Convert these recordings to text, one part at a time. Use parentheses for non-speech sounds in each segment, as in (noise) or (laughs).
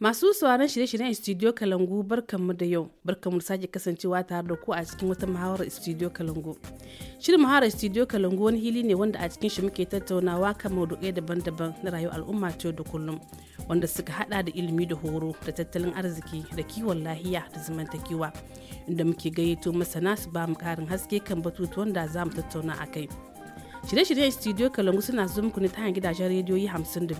Masu sauraron shirye-shiryen Studio Kalangu barkanmu da yau, barkanmu da sake kasancewa tare da ku a cikin wata muhawarar Studio Kalangu. Shirin muhawarar Studio Kalangu wani hili ne wanda a cikin shi muke tattaunawa kan maudu'ai daban-daban na rayuwar al'umma ta da kullum, wanda suka hada da ilimi da horo da tattalin arziki da kiwon lahiya da zamantakewa, inda muke gayyato masana su ba mu karin haske kan batutuwan da za mu tattauna a kai. Shirye-shiryen Studio Kalangu suna zuwa muku ne ta hanyar gidajen rediyoyi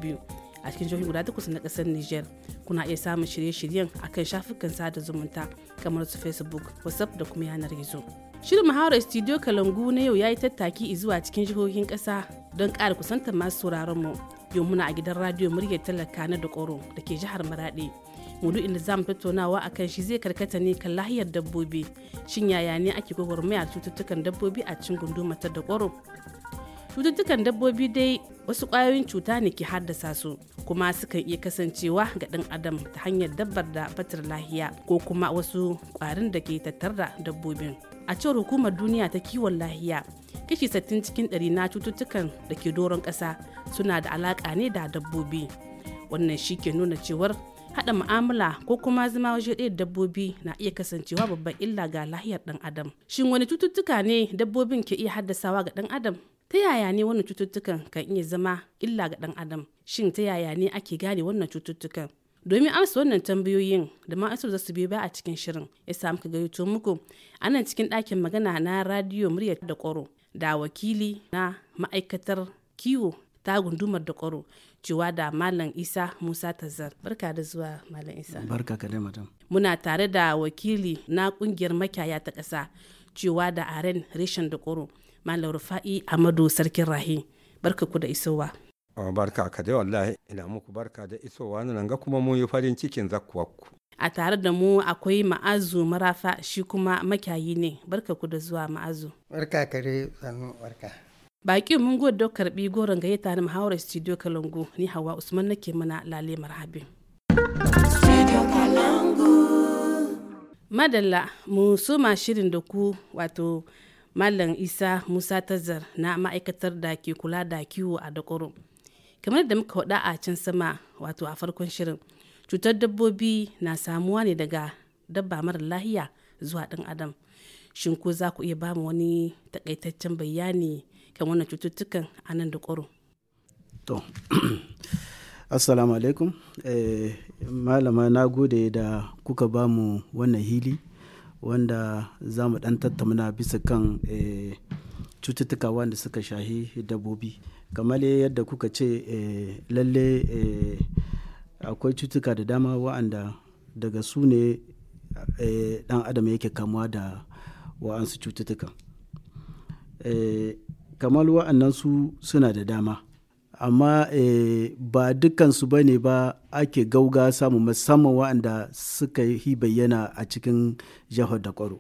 biyu. a cikin jihohi guda takwas na kasar niger kuna iya samun shirye-shiryen a kan shafukan sada zumunta kamar su facebook whatsapp da kuma yanar gizo shirin muhawarar studio kalangu na yau ya yi tattaki zuwa cikin jihohin kasa don ƙara kusantar masu sauraron mu yau muna a gidan radio muryar talaka na dokoro da ke jihar maradi inda za zamu tattaunawa a kan shi zai karkata ne kan lahiyar dabbobi shin yaya ne ake gwagwarmaya cututtukan dabbobi a cikin gundumar ta da cututtukan dabbobi dai wasu kwayoyin cuta ne ke haddasa su kuma sukan iya kasancewa ga ɗan adam ta hanyar dabbar da fatar lahiya ko kuma wasu ƙwarin da ke tattar da dabbobin a cewar hukumar duniya ta kiwon lahiya kashi sattin cikin ɗari na cututtukan da ke doron ƙasa suna da alaƙa ne da dabbobi wannan shi ke nuna cewar haɗa mu'amala ko kuma zama waje ɗaya dabbobi na iya kasancewa babban illa ga lahiyar ɗan adam shin wani cututtuka ne dabbobin ke iya haddasawa ga ɗan adam ta yaya ne wannan cututtukan kan iya zama illa ga dan adam shin ta yaya ne ake gane wannan cututtukan domin amsa wannan tambayoyin da ma za su biyo ba a cikin shirin ya samu ka gayyato muku anan cikin ɗakin magana na radiyo murya da kwaro da wakili na ma'aikatar kiwo ta gundumar da kwaro cewa da malam isa musa tazar barka da zuwa malam isa barka ka dai madam muna tare da wakili na ƙungiyar makiyaya ta ƙasa cewa da aren reshen da kwaro malam rufa'i amadu sarkin rahi barka ku da isowa barka ka da wallahi ina muku barka da isowa nan ga kuma mun yi farin cikin zakkuwarku a tare da mu akwai ma'azu marafa shi kuma makyayi ne barka ku da zuwa ma'azu barka kare sannu barka baki mun gode da karbi goron gayyata na muhawarar studio kalangu ni hawa usman nake mana lale marhabin madalla mu soma shirin da ku wato Malam Isa Musa Tazar na ma'aikatar da ke kula da kiwo a Dakoro. Kamar da muka faɗa a can sama wato a farkon shirin, cutar dabbobi na samuwa ne daga dabba mara lahiya zuwa ɗan adam. Shin ko za ku iya ba mu wani takaitaccen bayani kan wannan cututtukan a nan Dakoro? To, (clears throat) Assalamu alaikum. Eh, malama na gode da kuka ba mu wannan hili. wanda za mu dan tattauna bisa kan eh, cututtuka wanda suka shahi dabbobi kamar yadda kuka ce eh, lalle eh, akwai cututtuka da dama wa'anda daga su ne dan adam yake kamuwa da wa'ansu cututtuka kamar wa'annan su suna da dama amma eh, ba dukansu ba ne ba ake gauga samu musamman waɗanda suka yi bayyana a cikin jihar da kwaro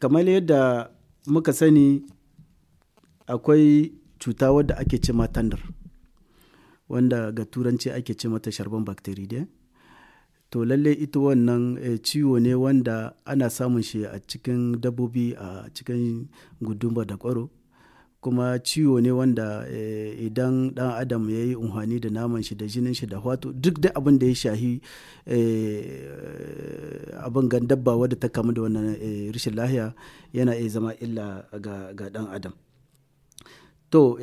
kamar yadda muka sani akwai cuta wadda ake ce tandar wanda ga turanci ake ce mata sharban bacteria to lalle ita wannan eh, ciwo ne wanda ana samun shi a cikin dabbobi a cikin gudunba da kwaro kuma ciwo ne wanda eh, idan dan adam ya yi unhani da naman shi da jinin shi da wato duk da abin da ya shahi eh, abin gan dabba wadda ta kamu da wannan eh, rashin lahiya yana iya zama illa ga dan adam to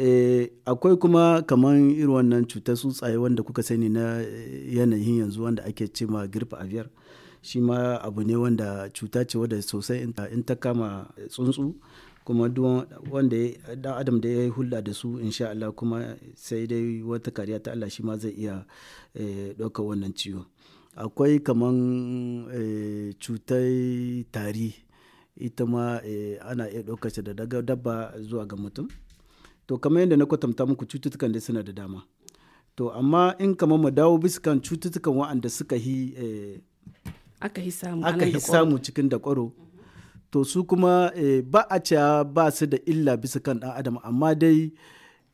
akwai kuma kamar irin wannan cutar tsuntsaye wanda kuka sani na yanayin yanzu wanda ake ce ma girfa aviyar shi ma abu ne wanda cuta ce wadda sosai in ta kama tsuntsu kuma duwan wanda dan adam da ya yi hulɗa da su insha Allah kuma sai dai wata kariya ta Allah shi ma zai iya eh, ɗaukar wannan ciwo akwai kamar eh, cutai tari ita ma eh, ana iya ɗaukar da daga dabba zuwa ga mutum to kamar yadda na kwatanta muku cututtukan da suna da dama to amma in kamar mu dawo bisa kan cututtukan waɗanda suka yi. aka yi samu cikin da kwaro to su kuma e, ba a cewa ba su da illa bisa kan ɗan adam amma dai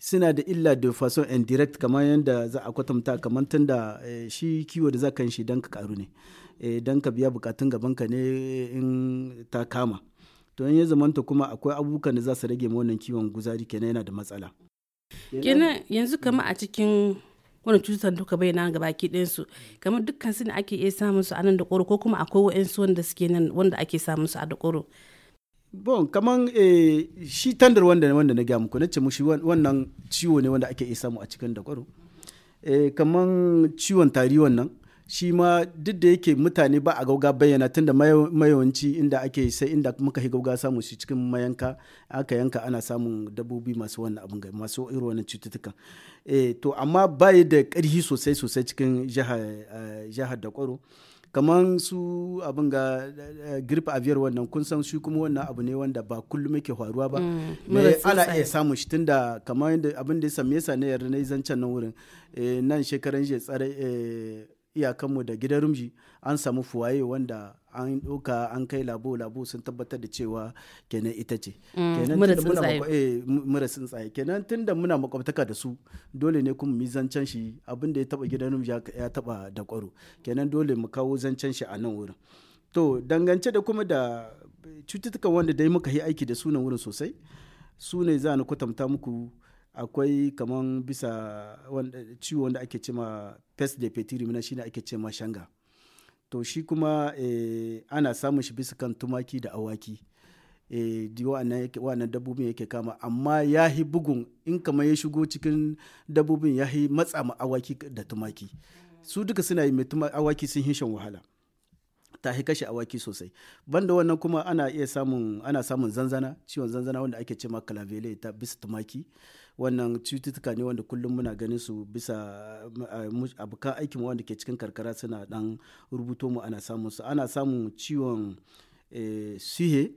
suna da illa da façon indirect kamar yadda za a kwatanta kamar tun da e, shi kiwo da za ka shi don ka karu ne e, don ka biya bukatun gaban ka ne in ta kama to in ya zamanta kuma akwai abubuwan da za su rage ma wannan kiwon guzari kenan yana da matsala yanzu kama a cikin wannan cututtukan duka bai nan gaba ɗayan ɗinsu kamar dukkan su ne ake iya samun su a nan da ƙoro ko kuma akwai wa'ansu wanda suke nan wanda ake samun su a da ƙoro. bon kaman eh, shi tandar wanda wanda na gaya muku na ce shi wannan ciwo ne wanda ake iya samu a cikin da ƙoro eh, kaman ciwon tari wannan shi ma duk da yake mutane ba a gauga bayyana tunda mayawanci inda ake sai inda muka yi gauga samu shi cikin mayanka aka yanka ana samun dabbobi masu wannan abin gai masu irin wannan cututtukan eh to amma bayi da ƙarfi sosai sosai cikin eh, jihar da kwaro kamar su abin ga eh, grip aviyar wannan kun san shi kuma wannan abu ne wanda ba kullum yake faruwa ba mm, me ana iya samun shi tunda kamar abin da ya same sa ne yarda na zancen nan wurin eh, nan shekaran jiya tsare iyakanmu da gidan rumji an samu fuwaye wanda an ɗauka an kai labo labo sun tabbatar da cewa kenan ita ce mm, eh, mura tsuntsaye kenan tun da muna makwabtaka da su dole ne kuma mi zancen shi abin da ya taba gidan rumji ya taba da kwaro kenan dole mu kawo zancen shi a nan wurin to dangance da kuma da cututtuka wanda dai muka yi aiki da sunan wurin sosai su ne za ni kwatanta muku akwai kaman bisa ciwo wanda ake cima fes de petit ruminant shine ake ce shanga to shi kuma eh, ana samun shi bisa kan tumaki da awaki e, wa'annan dabbobin yake kama amma ya yi bugun in kamar ya shigo cikin dabbobin ya yi matsa ma awaki da tumaki su duka suna yi mai awaki sun hishan wahala ta kashe awaki sosai banda wannan kuma ana iya samun ana samun zanzana ciwon zanzana wanda ake ce ma kalavele ta bisa tumaki wannan cututtuka ne wanda kullum muna ganin su bisa eh, abokan aikin wanda ke cikin karkara suna dan rubuto mu ana samun su ana samun ciwon eh, sihe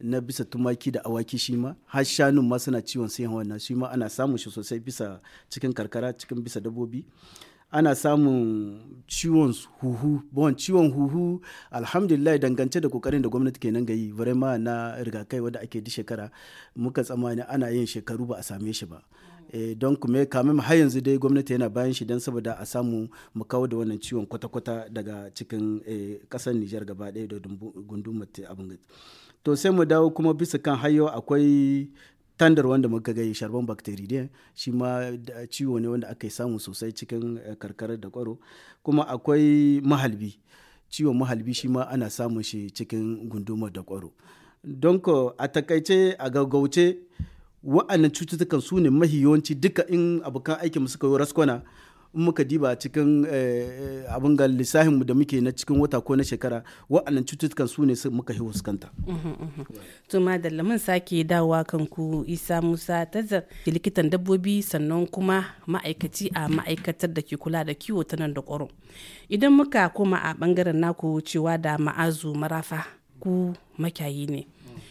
na bisa tumaki da awaki shi ma har shanun ma suna ciwon sihe wannan shi ma ana samun shi sosai bisa cikin karkara cikin bisa dabbobi ana samun ciwon huhu bon ciwon huhu alhamdulillah dangance da kokarin da gwamnati nan ga yi vraiment na rigakai wanda ake di shekara muka tsammani ana yin shekaru ba a same shi ba eh, don kuma kamin har yanzu dai gwamnati yana bayan shi don saboda a samu mu kawo da wannan ciwon kwata-kwata daga cikin kasar eh, Nijar gaba ɗaya da gundumar abin to sai mu dawo kuma bisa kan hayo akwai tandar wanda muka gai sharban bacteria shi ma ciwo ne wanda aka samu sosai cikin eh, karkarar da kwaro kuma akwai mahalbi ciwon mahalbi shi ma ana samun shi cikin gundumar da kwaro don ko a takaice a gaggauce wa'annan cututtukan su ne mahi duka in abokan aikin suka yi raskwana in muka diba cikin eh, eh, abin ga lissafinmu da muke na cikin wata ko na shekara wa'annan cututtukan su ne muka yi fuskanta. Uhm, uhm, uhm. to madalla mun sake dawowa ku isa musa ta tazar likitan dabbobi sannan kuma ma'aikaci a ma'aikatar da ke kula da kiwo ta nan da kwaro idan muka koma a bangaren naku cewa da ma'azu marafa ku makyayi ne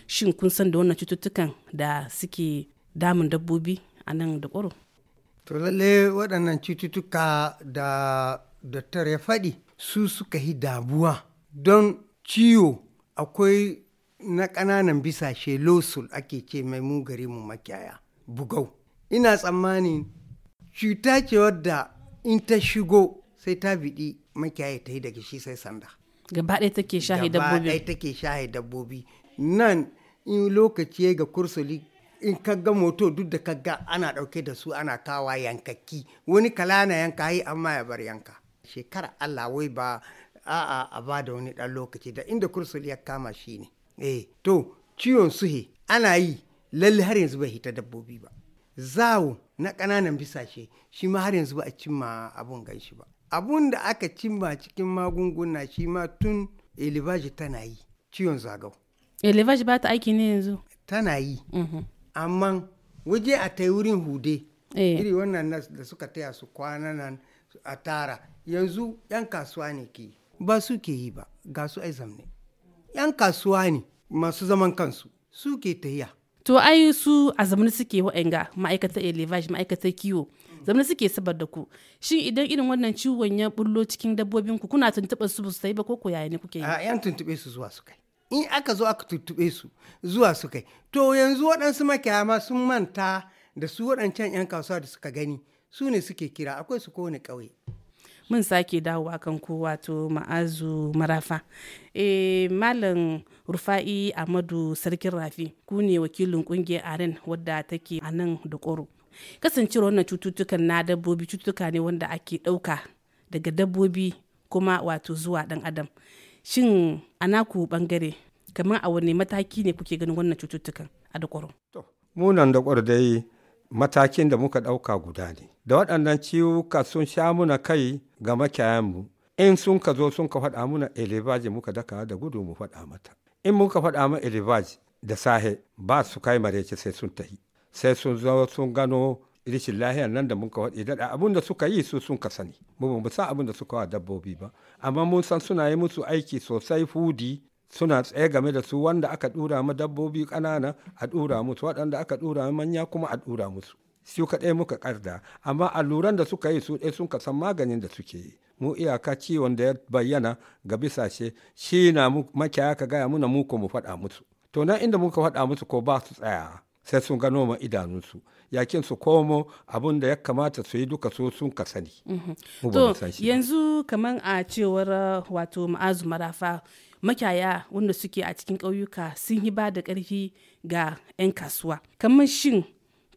shin kun san da wannan cututtukan da suke damun dabbobi a nan da kwaro To lalle waɗannan cututtuka da dattar ya faɗi su suka yi damuwa don ciwo akwai na ƙananan bisa shelosul ake ce mai mu gari mu makiyaya bugau. Ina tsammanin cuta ce wadda in ta shigo sai ta biɗi makiyaya ta yi daga shi sai sanda. Gaba ɗaya take shahi dabbobi. Nan in lokaci ga kursoli in ka ga moto duk da ka ga, ana ɗauke da su ana kawa yankaki. wani kala yanka hai amma ya bar yanka shekara Allah wai ba a'a a ba da wani ɗan lokaci da inda kursul ya kama shi ne eh to ciwon suhe ana yi lalle har yanzu bai hita dabbobi ba zawo na ƙananan bisashe shi ma har yanzu ba a cimma abun ganshi ba abun da aka cimma cikin magunguna shi ma tun elivaji tana yi ciwon zagau elivaji ba ta aiki ne yanzu tana yi mhm. amma waje a ta wurin hude eh. iri wannan da suka taya su kwana nan a tara yanzu 'yan kasuwa ne ke ba su ke yi ba ga su ai zamne 'yan kasuwa ne masu zaman kansu su ke tahiya to ai su a zamani suke wa'anga ma'aikatar elevage ma'aikatar kiwo zamani suke sabar da ku shin idan irin wannan ciwon ya bullo cikin dabbobin ku kuna tuntuɓar su ba su yi ba ko ko yaya ne kuke yi a yan tuntuɓe su zuwa su kai in aka zo aka tuttuɓe su zuwa su kai to yanzu waɗansu makiyaya ma sun manta da su waɗancan 'yan kasuwa da suka gani su ne suke kira akwai su kowane ƙauye mun sake dawowa kan ko wato ma'azu marafa e malam rufa'i amadu sarkin rafi ku ne wakilin kungiyar aren wadda take a nan da koro kasancewar wannan cututtukan na dabbobi cututtuka ne wanda ake ɗauka daga dabbobi kuma wato zuwa ɗan adam shin a naku bangare kamar a wani mataki ne kuke ganin wannan cututtukan a da kwaro munan da kwaro dai matakin da muka ɗauka guda ne da waɗannan ciwuka sun sha muna kai ga makiyayanmu in sun ka zo sun ka faɗa muna elebaji muka daka da gudu mu faɗa mata in muka faɗa mu elebaji da sahe ba su kai mareci sai sun tahi sai sun zo sun gano rishin lahiyar nan da muka waɗe daɗa abin da suka yi su sun ka sani mu ba san abin da suka wa dabbobi ba amma mun san suna yi musu aiki sosai hudi suna tsaye game da su wanda aka dura ma dabbobi ƙanana a ɗura musu waɗanda aka ɗura manya kuma a ɗura musu su ɗaya muka karda amma alluran da suka yi su ɗaya sun san maganin da suke yi mu iyaka ciwon da ya bayyana ga bisashe shi na makiya ka gaya muna mu ko mu faɗa musu to nan inda muka faɗa musu ko ba su tsaya sai sun gano ma idanunsu yakin su komo abin da ya kamata su yi duka so sun ka sani. yanzu kamar a cewar uh, wato ma'azu marafa makyaya wanda suke a cikin ƙauyuka sun yi ba da ƙarfi ga 'yan kasuwa. Kamar shin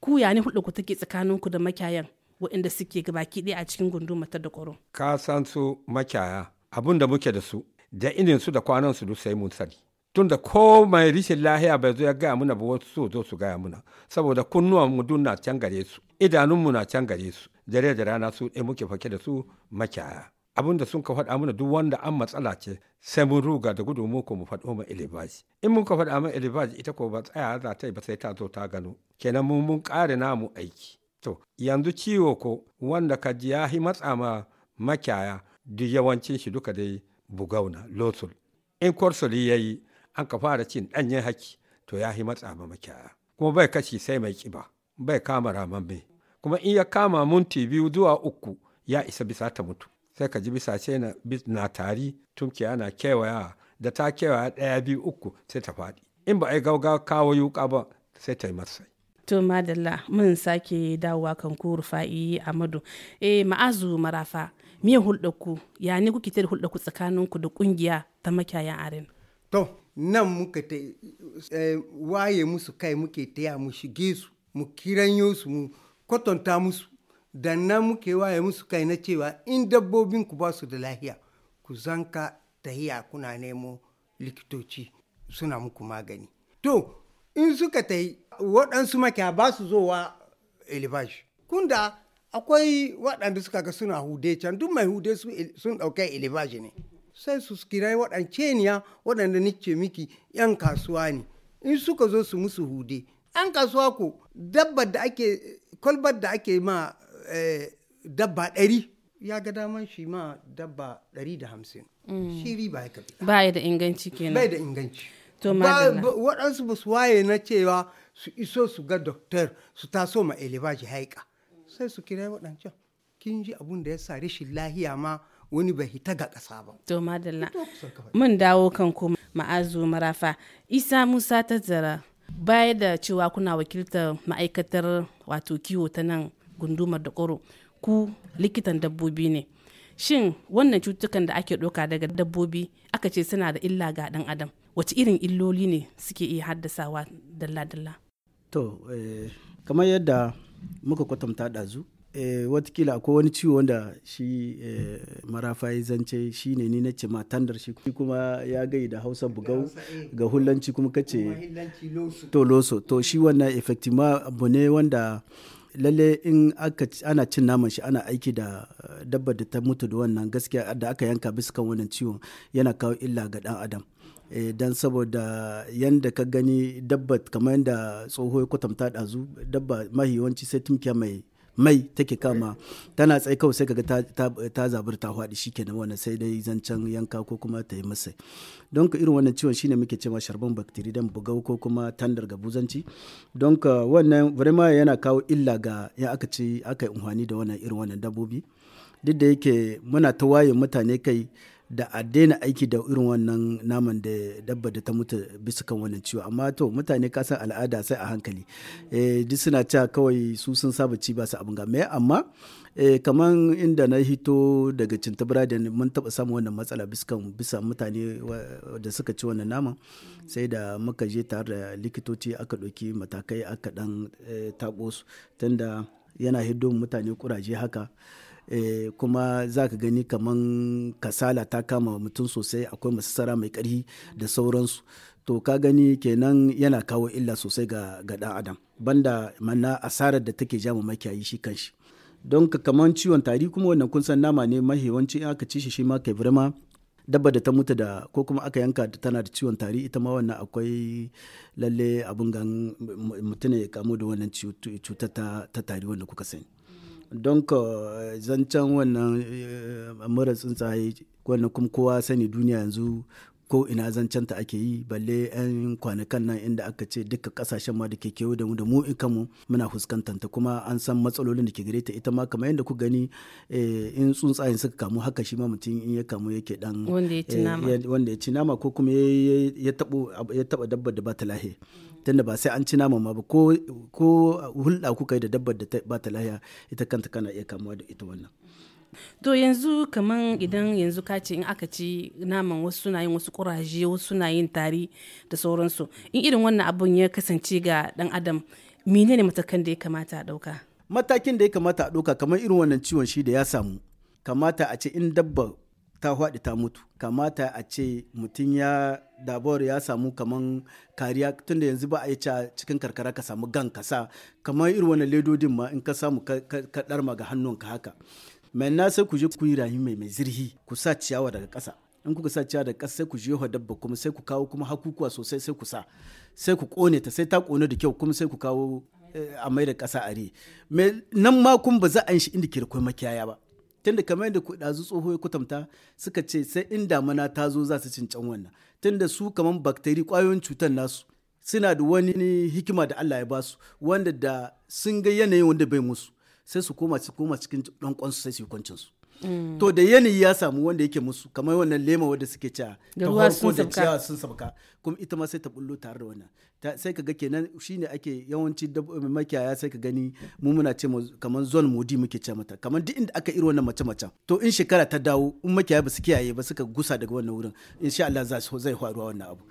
ku ya ne hudu ku take tsakanin ku da makyayan waɗanda suke gabaki ɗaya a cikin gunduma ta da Ka san su makyaya abin da muke da su da su da su duk sai mun sani. tunda ko mai rishin lahiya bai zo ya gaya muna ba wasu so zo su gaya muna saboda kunnuwan mu dun na can gare su idanunmu na can gare su dare da rana su ɗaya muke fake da su makiyaya abin da sun ka faɗa mana duk wanda an matsala ce sai mun ruga da gudu mu ko mu faɗo ma ilibaji in mun ka faɗa ma ilibaji ita ko ba tsaya za ta yi ba sai ta zo ta gano kenan mun mun ƙare namu aiki to yanzu ciwo ko wanda ka ji ya yi matsa ma makiyaya duk yawancin shi duka dai bugauna losul in korsoli ya yi an ka fara cin ɗanyen haki to ya yi matsa ma makiyaya kuma bai kashi sai mai kiba bai kama ramamme kuma in ya kama munti biyu zuwa uku ya isa bisa ta mutu sai ka ji bisa ce na, na tari ke ana kewaya da ta kewaya ɗaya biyu uku sai ta faɗi in ba a yi gauga kawo yuka ba sai ta yi masai to madalla mun sake dawowa kan ku rufa'i amadu eh ma'azu marafa me hulɗa ku ya ne kuke ta hulɗa ku tsakanin ku da ƙungiya ta makiyayan aren to nan muka ta eh, waye musu kai muke taya mu shige su mu kiranyo su mu kwatanta musu da nan muke waye musu kai na cewa in dabbobin ku ba su da lahiya ku zanka tahiya kuna nemo likitoci suna muku magani to in suka ta yi waɗansu makiya ba su zowa elibashi kunda akwai waɗanda suka ga suna hude can duk mai hude sun ɗauka elibashi ne sai su waɗance ni ya waɗanda nike miki 'yan kasuwa ne in suka zo su musu hude 'yan kasuwa ko dabbar da ake kwalbar da ake ma eh, dabba ɗari ya ga daman shi ma dabba ɗari da hamsin mm. shi riba ya kafi baya da inganci kenan baya da inganci to waɗansu ba su waye na cewa su iso su ga doktor su taso ma elevaji haika sai su kira waɗancan kin ji abun da ya sa rashin lahiya ma wani bai hita ga ƙasa ba. To madalla. Mun dawo kan kuma ma'azu marafa. Isa Musa Tazara baya da cewa kuna wakiltar ma'aikatar wato kiwo ta nan gundumar da ƙoro ku likitan dabbobi ne. Shin wannan cutukan da ake ɗauka daga dabbobi aka ce suna da illa ga ɗan adam. Wace irin illoli ne suke iya haddasawa dalla-dalla? To, eh, kamar yadda muka kwatanta ɗazu, eh, watakila akwai wani ciwo wanda shi eh, marafa ya zance shi ne ni na ce matandar shi kuma ya gai da hausa bugau eh. ga hulanci kuma kace to loso to shi wannan ma abu ne wanda lalle in aka ana cin naman shi ana aiki da eh, dabba da ta mutu da wannan gaskiya da aka yanka bisa kan wannan ciwon yana kawo illa ga dan adam e, dan saboda yadda ka gani dabba kamar yadda tsoho ya kwatanta ɗazu dabba mahi yawanci sai tumkiya mai mai take kama tana tsaye kawai sai kaga ta ta, ta zabur ta hwaɗi shikenan sai dai zancen yanka ko kuma ta yi masa don irin wannan ciwon shine muke cewa sharban don bugau ko kuma tandar gabuzanci don ka wannan vraiment yana kawo illa ga ya aka ce aka yi unhwani da wannan irin wannan dabbobi duk da yake muna ta waye mutane kai da a daina aiki da irin wannan naman da dabba da ta mutu bisa kan wannan ciwo amma to mutane kasan al'ada sai a hankali eh, duk suna cewa kawai su sun saba ci ba su abin game amma eh kaman inda na hito daga Cinta da mun taba samun wannan matsala bisa mutane da suka ci wannan naman sai da muka je tare da likitoci aka ɗauki matakai aka ɗan eh, taɓo su tunda yana hiddo mutane kuraje haka e, kuma za ka gani kaman kasala ta kama mutum sosai akwai masasara mai ƙarfi da sauransu to ka gani kenan yana kawo illa sosai ga, ga ɗan adam banda mana asarar da take jama makiyayi shi kanshi don ka kamar ciwon tari kuma wannan kun san nama ne mahiwanci aka ci shi shi ma kai birma dabba da ta mutu da ko kuma aka yanka da tana da ciwon tari ita ma wannan akwai lalle abin gan mutum ya kamu da wannan cutar ta tari wanda kuka sani don ka eh, zancen wannan eh, mura tsuntsaye wannan kuma kowa sani duniya yanzu ko ina zancen ta ake yi balle 'yan kwanakan nan inda aka ce duka kasashen ma da ke kewa da mu da mu muna fuskantar ta kuma an san matsalolin da ke gare ta ita ma kamar yadda ku gani eh, in tsuntsayen suka kamu haka shi ma mutum in ya kamu yake dan eh, wanda ya ci nama ko kuma ya taba dabbar da ba ta lahe tunda ba sai an ci nama ma ba ko hulɗa kuka yi da dabbar da ba ta lahiya ita kanta kana iya kamuwa da ita wannan to yanzu kaman idan yanzu ka ce in aka ci naman wasu suna yin wasu kuraje wasu suna yin tari da sauransu in irin wannan abun ya kasance ga dan adam menene matakan da ya kamata a dauka matakin da ya kamata a dauka kamar irin wannan ciwon shi da ya samu kamata a ce in dabba ta hwaɗe ta mutu kamata a ce mutum ya dabar ya samu kaman kariya tunda yanzu ba a yi cikin karkara ka samu gan kasa kamar irin wannan ledodin ma in ka samu ka ɗarma ga hannunka haka mai na sai ku je ku yi rayu mai mai zirhi ku sa ciyawa daga ƙasa in kuka sa ciyawa daga ƙasa sai ku jeho dabba kuma sai ku kawo kuma hakukuwa sosai sai ku sa sai ku kone ta sai ta kone da kyau kuma sai ku kawo eh, a mai da ƙasa a mai nan ma kun ba za a yi shi inda kirkoi makiyaya ba tunda kamar yadda ɗazu tsoho ya kutamta suka ce sai in damana ta zo za su cincan wannan tunda su kamar bakteri kwayoyin cutar nasu suna da wani hikima da Allah ya basu wanda da sun ga yanayin wanda bai musu sai su koma su koma cikin kwansu sai su yi kwancinsu su mm. to da yanayi ya samu wanda yake musu kamar wannan lema wanda suke cewa ta farko da cewa sun sabka kuma ita ma sai ta bullo tare da wannan sai ka ga kenan shine ake yawanci makiyaya sai ka gani mu muna ce kamar zone modi muke ce mata kamar duk inda aka iri wannan mace mace to in shekara ta dawo in makiyaya ba su kiyaye ba suka gusa daga wannan wurin insha Allah za su zai faruwa wannan abu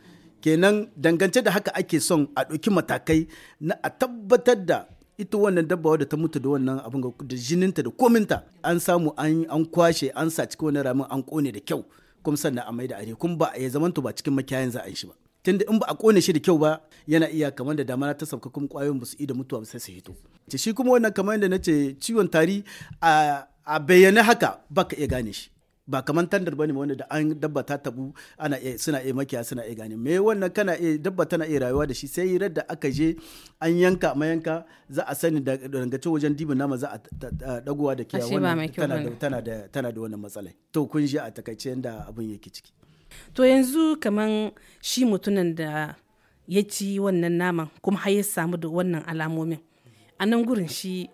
kenan dangance da haka ake son a ɗauki matakai na a tabbatar da ita wannan dabba da ta mutu da wannan abin da jininta da kominta an samu an kwashe an sa cikin wani ramin an kone da kyau kuma sannan a mai da are kuma ba ya zamanto ba cikin makiyayan za a yi shi ba tun da in ba a kone shi da kyau ba yana iya kamar da damana ta sauka kuma kwayoyin ba su da mutuwa ba sai su hito shi kuma wannan kamar yadda na ce ciwon tari a bayyane haka baka iya gane shi ba kamar tandar bane wanda da an dabba ta tabu ana iya suna iya makiya suna iya gane me wannan kana iya dabba tana iya rayuwa da shi sai yi da aka je an yanka mayanka za a sani da dangace wajen dibin nama za a dagowa da kiya wannan tana da tana da tana da wannan matsala to kun ji a takaice yanda abin yake ciki to yanzu kaman shi mutunan da ya ci wannan naman kuma har ya samu da wannan alamomin a nan gurin shi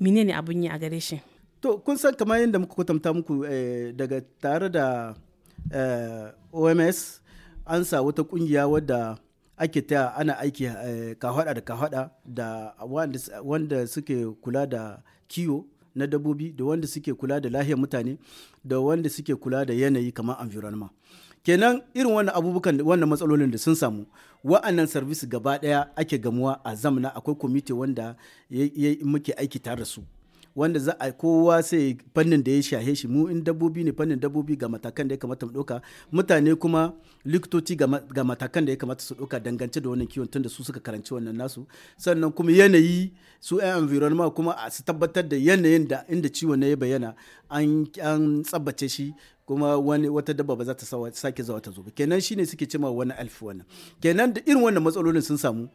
menene abin yi a gare shi to kun san kamar yadda muka kwatanta muku eh, daga tare da eh, oms an sa wata kungiya wadda ake ta ana aiki eh, kahwada da kahwada da wanda suke kula da kiwo na dabbobi da wanda suke kula da lahiyar mutane da wanda suke kula da yanayi kamar environment kenan irin wannan abubukan wannan matsalolin da sun samu wa'annan service gaba daya ake gamuwa a zamana akwai kwamiti wanda muke aiki tare da su wanda za a kowa sai fannin da ya shahe shi mu in dabbobi ne fannin dabbobi ga matakan da ya kamata mu ɗauka mutane kuma likitoci ga matakan da ya kamata su ɗauka dangance da wannan kiwon tunda su suka karanci wannan nasu sannan kuma yanayi su 'yan environment kuma a su tabbatar da yanayin da inda ciwon ya bayyana an tsabbace shi kuma wani wata dabba ba za ta sake zawa ta zo ba kenan shine suke cewa wani alfi wannan kenan da irin wannan matsalolin sun samu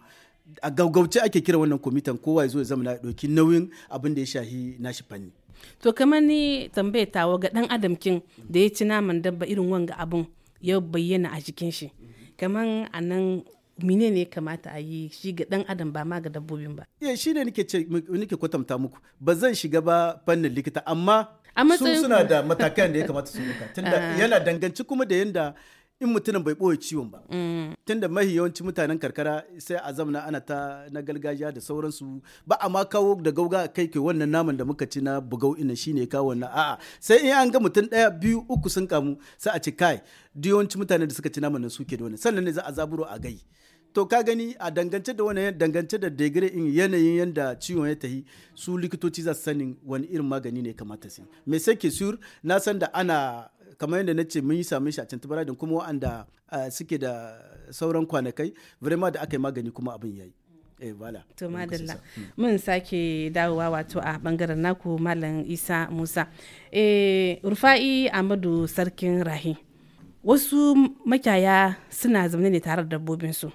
a gaugauce ake kira wannan kwamitan kowa ya zo ya zama ya ɗauki nauyin abin da ya shahi nashi fanni. to kamar ni tambaye tawa ga ɗan adam kin da ya ci naman dabba irin wanga abun ya bayyana a jikin shi kamar a nan mine ne kamata a yi shi ga ɗan adam ba ma ga dabbobin ba. iya eh, shi ne nake kwatanta muku ba zan shiga ba fannin likita amma su suna da matakan da ya kamata su ɗauka tunda ah. yana danganci kuma da yanda in mutumin bai ɓoye ciwon ba mm. tunda mahi yawanci mutanen karkara sai a zamana ana ta na gargajiya da sauransu ba a ma kawo da gauga kai ke wannan naman da muka ci na bugau ina shine kawo wannan a'a sai in an ga mutum ɗaya biyu uku sun kamu sai a ce kai duk yawanci mutanen da suka ci naman nan suke da wannan sannan ne za a zaburo a gai to ka gani a dangance da wani dangance da degree in yanayin yadda ciwon ya tafi su likitoci za su sanin wani irin magani ne kamata su me sai ke sur na san da ana kamar yadda na ce mun yi samun shi a can tabaradin kuma wa'anda suke da sauran kwanakai vraiment da aka yi magani kuma abin yayi yi eh, to madalla hmm. mun sake dawowa wato a bangaren naku malam isa musa eh, rufa'i amadu sarkin rahim wasu makyaya suna zaune ne tare da dabbobinsu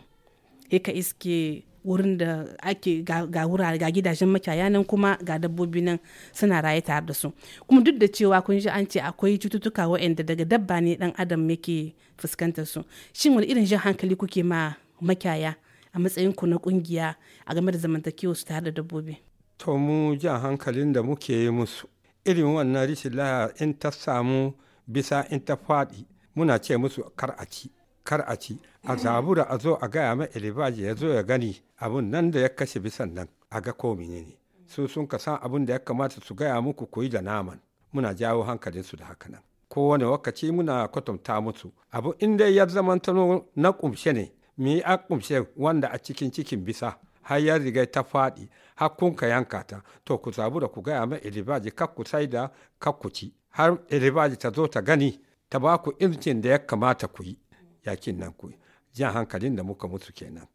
ka iske wurin da ake ga wurare ga gidajen makiyaya nan kuma ga dabbobi nan suna raye tare da su kuma duk da cewa kun ji an ce akwai cututtuka waɗanda daga dabba ne dan adam yake fuskantar su shin wani irin jin hankali kuke ma makiyaya a matsayin ku na kungiya a game da zamantakewa su tare da dabbobi to mu jan hankalin da muke yi musu irin wannan rishin in ta samu bisa in ta faɗi muna ce musu kar a ci kar a ci a zabura a zo a gaya ma elibaji ya zo ya gani abun nan da ya kashe bisan nan a ga ko ne su sun ka san abun da ya kamata su gaya muku kuyi da naman muna jawo hankalin su da haka nan kowane wakaci muna kwatanta musu abu in dai ya zamantano na kumshe ne mu yi a kumshe wanda a cikin cikin bisa har ya riga ta faɗi har kun ka yanka ta to ku zabura ku gaya ma ilibaji kak ku da kak ku ci har elibaji ta zo ta gani ta ba ku da ya kamata ku yi yakin nan ku jan hankalin da muka mutu kenan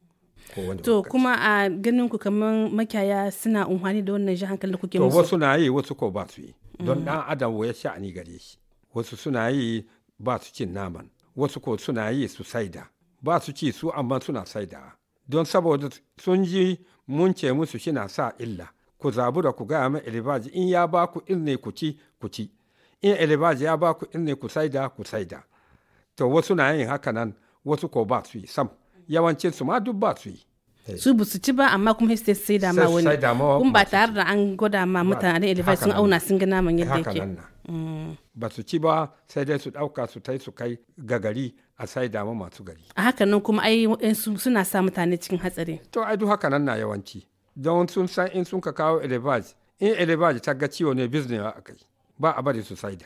to kuma a ganin ku kamar makiyaya suna unhani da wannan jan hankalin da kuke musu to wasu na yi wasu ko ba su yi mm. don dan adam ya ani gare shi wasu suna yi ba su cin naman wasu ko suna yi su saida ba su ci su amma suna saida. don saboda sun ji mun ce musu shina sa illa ku da ku gaya min ilibaji in ya ba ku in ne ku ci ku ci in ilibaji ya ba ku in ne ku saida ku saida to wasu na yin haka nan wasu ko ba su yi sam yawancin su ma duk ba su yi su ba su ci ba amma kuma sai sai da ma wani kun ba tare da an gwada ma mutane elevai sun auna sun gina naman yadda yake mm. ba su ci ba sai dai su dauka su tai su kai ga gari a sai da ma masu gari a haka nan kuma ai su suna sa mutane cikin hatsari to ai duk haka nan na yawanci don sun san in sun ka kawo elevai in elevai ta ga ciwo ne business a kai ba a bari su sai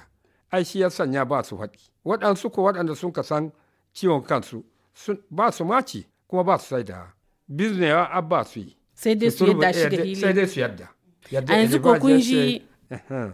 ai shi ya sanya ba su faɗi waɗansu ko waɗanda sun san ciwon kansu ba su maci kuma ba su sai da biznewa ab ba su yi sai dai su yadda shi da eh, sai dai su yadda a yanzu ko kun ji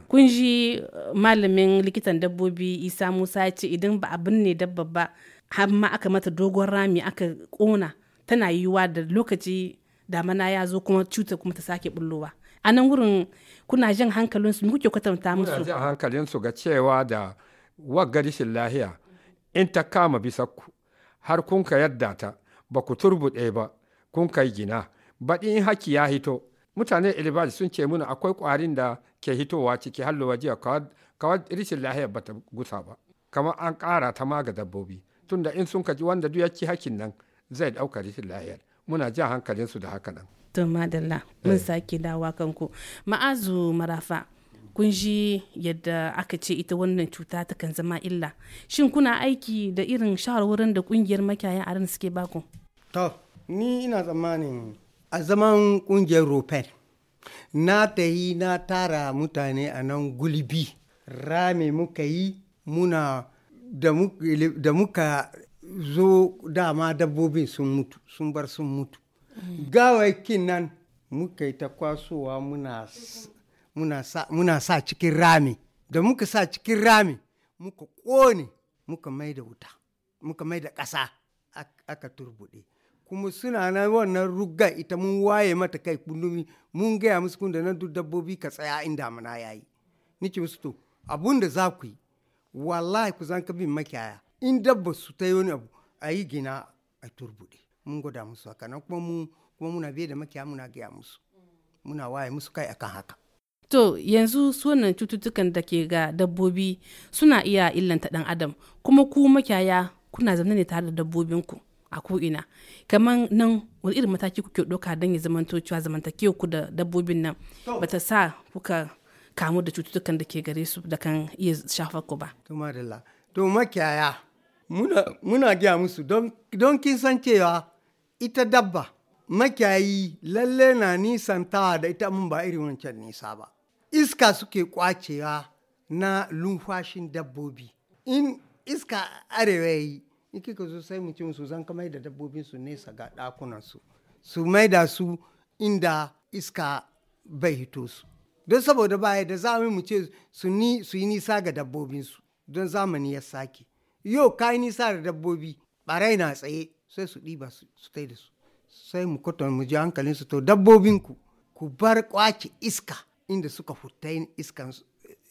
kun eh, ji malamin likitan dabbobi isa musa ce idan ba abin ne dabba ba har ma aka mata dogon rami aka kona tana yiwuwa da lokaci damana ya zo kuma cuta kuma ta sake bullowa a nan wurin kuna jan hankalinsu mu kuke kwatanta musu kuna jan hankalinsu ga cewa da wagga lahiya in ta kama bisa har kun ka yadda ta ba ku turbuɗe ba kun kai gina baɗi in haki ya hito mutane ilibadi sun ce muna akwai ƙwarin da ke hitowa ciki har waje kawai rishin lahiya ba ta gusa ba kamar an ƙara ta ma ga dabbobi tunda in sun ji wanda duk ya ci hakin nan zai ɗauka rishin lahiyar muna jan hankalinsu da haka nan to madalla mun eh. sake dawa kanku ma'azu marafa kun ji yadda aka ce ita wannan cuta ta kan zama illa shin kuna aiki da irin shawarwarin da kungiyar makiyayan aran suke baku to ni ina tsammanin a zaman kungiyar ropen na ta yi na tara mutane a nan gulbi rame muka yi muna da muka zo dama dabbobin sun mutu sun bar sun mutu gawaikin nan muka yi ta kwasowa muna sa cikin rami da muka sa cikin rami muka ƙone muka mai da wuta muka mai da ƙasa aka turbuɗe kuma suna na wannan rugga ita mun waye mata kai kundumi mun gaya musu kun da nan duk dabbobi ka tsaya inda muna ya yi nike musu to abun da za ku yi wallahi ku zan ka bin makiyaya in dabba su ta yi wani abu a yi gina a turbuɗe mun gwada musu haka nan kuma mu kuma muna biye da makiya muna gaya musu muna waye musu kai akan haka to yanzu sunan cututtukan da ke ga dabbobi suna iya illanta dan adam kuma ku makiyaya kuna zaune ne tare da dabbobinku a ko'ina kamar nan wani irin mataki kuke ɗauka don ya zamanto cewa zamantakewa ku da dabbobin nan ba ta sa kuka kamu da cututtukan da ke gare su da kan iya shafa ku ba. to madalla to makiyaya muna, muna gaya musu don kin san cewa ita dabba makiyayi lalle na nisantawa da ita mun ba irin wancan nisa ba iska suke kwacewa na lumfashin dabbobi in iska arewa yi in kika zo sai mu ce su zan kamar da dabbobin su nesa ga ɗakunan su su maida su inda iska bai hito su don saboda baya da za mu ce su yi nisa ga dabbobinsu don zamani ya sake yau ka yi nisa da dabbobi ɓarai na tsaye sai su ɗiba su tai da su sai mu kwatanta mu ji hankalin su to dabbobinku ku ku bar kwace iska inda suka hutai iskan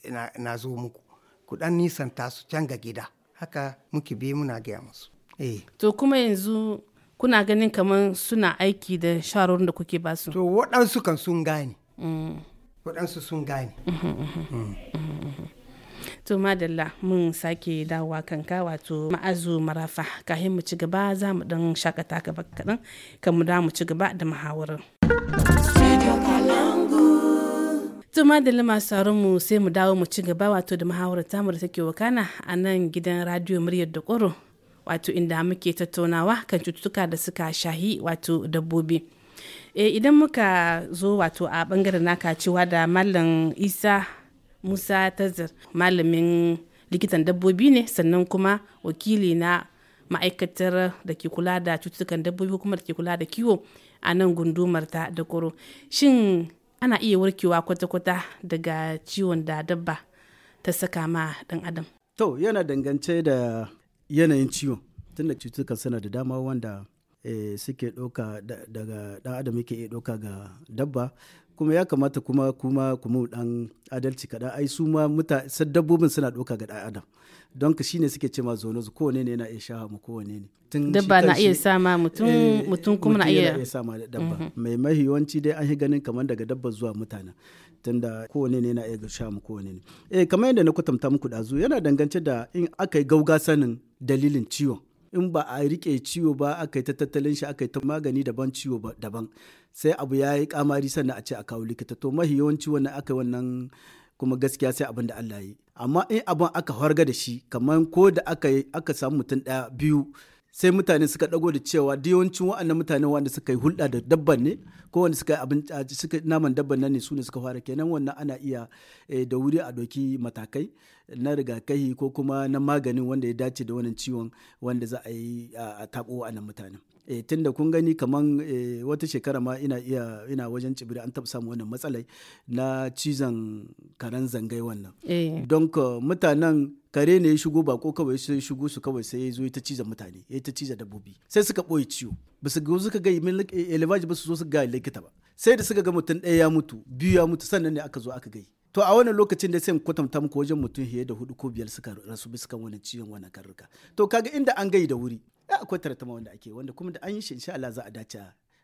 eh, na zo muku ku dan ta su can ga gida haka muke bi muna gaya musu eh to kuma yanzu kuna ganin kamar suna aiki da shawarwarin da kuke ba su to waɗansu kan sun gane mm. waɗansu sun gane mm-hmm, mm-hmm, mm-hmm, mm. to madalla mun sake dawowa kanka wato ma'azu marafa kahin mu ci gaba za mu dan shakata gaba kaɗan kan mu da mu ci gaba da muhawarar. to madalla masu sauran mu sai mu dawo mu ci gaba wato da muhawarar tamu da take wakana a nan gidan radiyo muryar da koro wato inda muke tattaunawa kan cututtuka da suka shahi wato dabbobi. e, idan muka zo wato a bangaren naka cewa da mallam isa musa tazar malamin likitan dabbobi ne sannan kuma wakili na ma'aikatar da ke kula da cututtukan dabbobi kuma da ke kula da kiwo a nan gundumar ta da koro shin ana iya warkewa kwata-kwata daga ciwon da dabba ta saka ma dan adam to yana dangance da yanayin ciwon tunda cututtuka suna da dama wanda eh, suke ɗauka daga ɗan adam yake iya ɗauka ga dabba kuma ya kamata kuma kuma kuma dan adalci kaɗan ai su ma muta dabbobin suna ɗauka ga ɗan adam don ka shine suke ce ma zono zu kowane ne yana iya shaha mu kowane ne dabba na iya sama mutum eh, mutum kuma na iya sama dabba mhm. mai mahiwanci dai an yi ganin kamar daga dabba zuwa mutane tunda kowane ne yana iya sha mu kowane ne eh kamar yadda na kwatanta muku ɗazu yana dangance da in aka yi gauga sanin dalilin ciwon in ba a rike ciwo ba aka yi ta tattalin shi aka yi ta magani daban ciwo daban sai abu ya yi kamari sannan a ce a kawo likita to mahi yawanci wannan aka wannan kuma gaskiya sai abin da Allah yi amma in abin aka harga da shi kamar ko da aka yi aka samu mutum ɗaya biyu sai mutane suka ɗago da cewa da yawancin wa'annan mutane wanda suka yi hulɗa da dabban ne ko wanda suka yi abin suka naman dabban nan ne su ne suka fara kenan wannan ana iya eh, da wuri a doki matakai na rigakahi ko kuma na maganin wanda ya dace da wannan ciwon wanda za a yi a taɓo a nan mutanen e, eh, tun da kun gani kaman e, wata shekara ma ina iya ina wajen tsibiri an taɓa samu wannan matsalai na cizon karen zangai wannan e. don mutanen kare ne ya shigo ba ko kawai sai shigo su kawai sai ya zo ya ta cizon mutane ya ta cizon dabbobi sai suka ɓoye ciwo ba su zo suka ga elevaji ba su zo su ga likita ba sai da suka ga mutum ɗaya ya mutu biyu ya mutu sannan ne aka zo aka gai to a wani lokacin da sai mu kwatanta muku wajen mutum fiye da hudu ko biyar suka rasu bisa kan wani ciwon wani karnuka to kaga inda an gai da wuri akwai taratama wanda ake wanda kuma da an yi shi insha Allah za a dace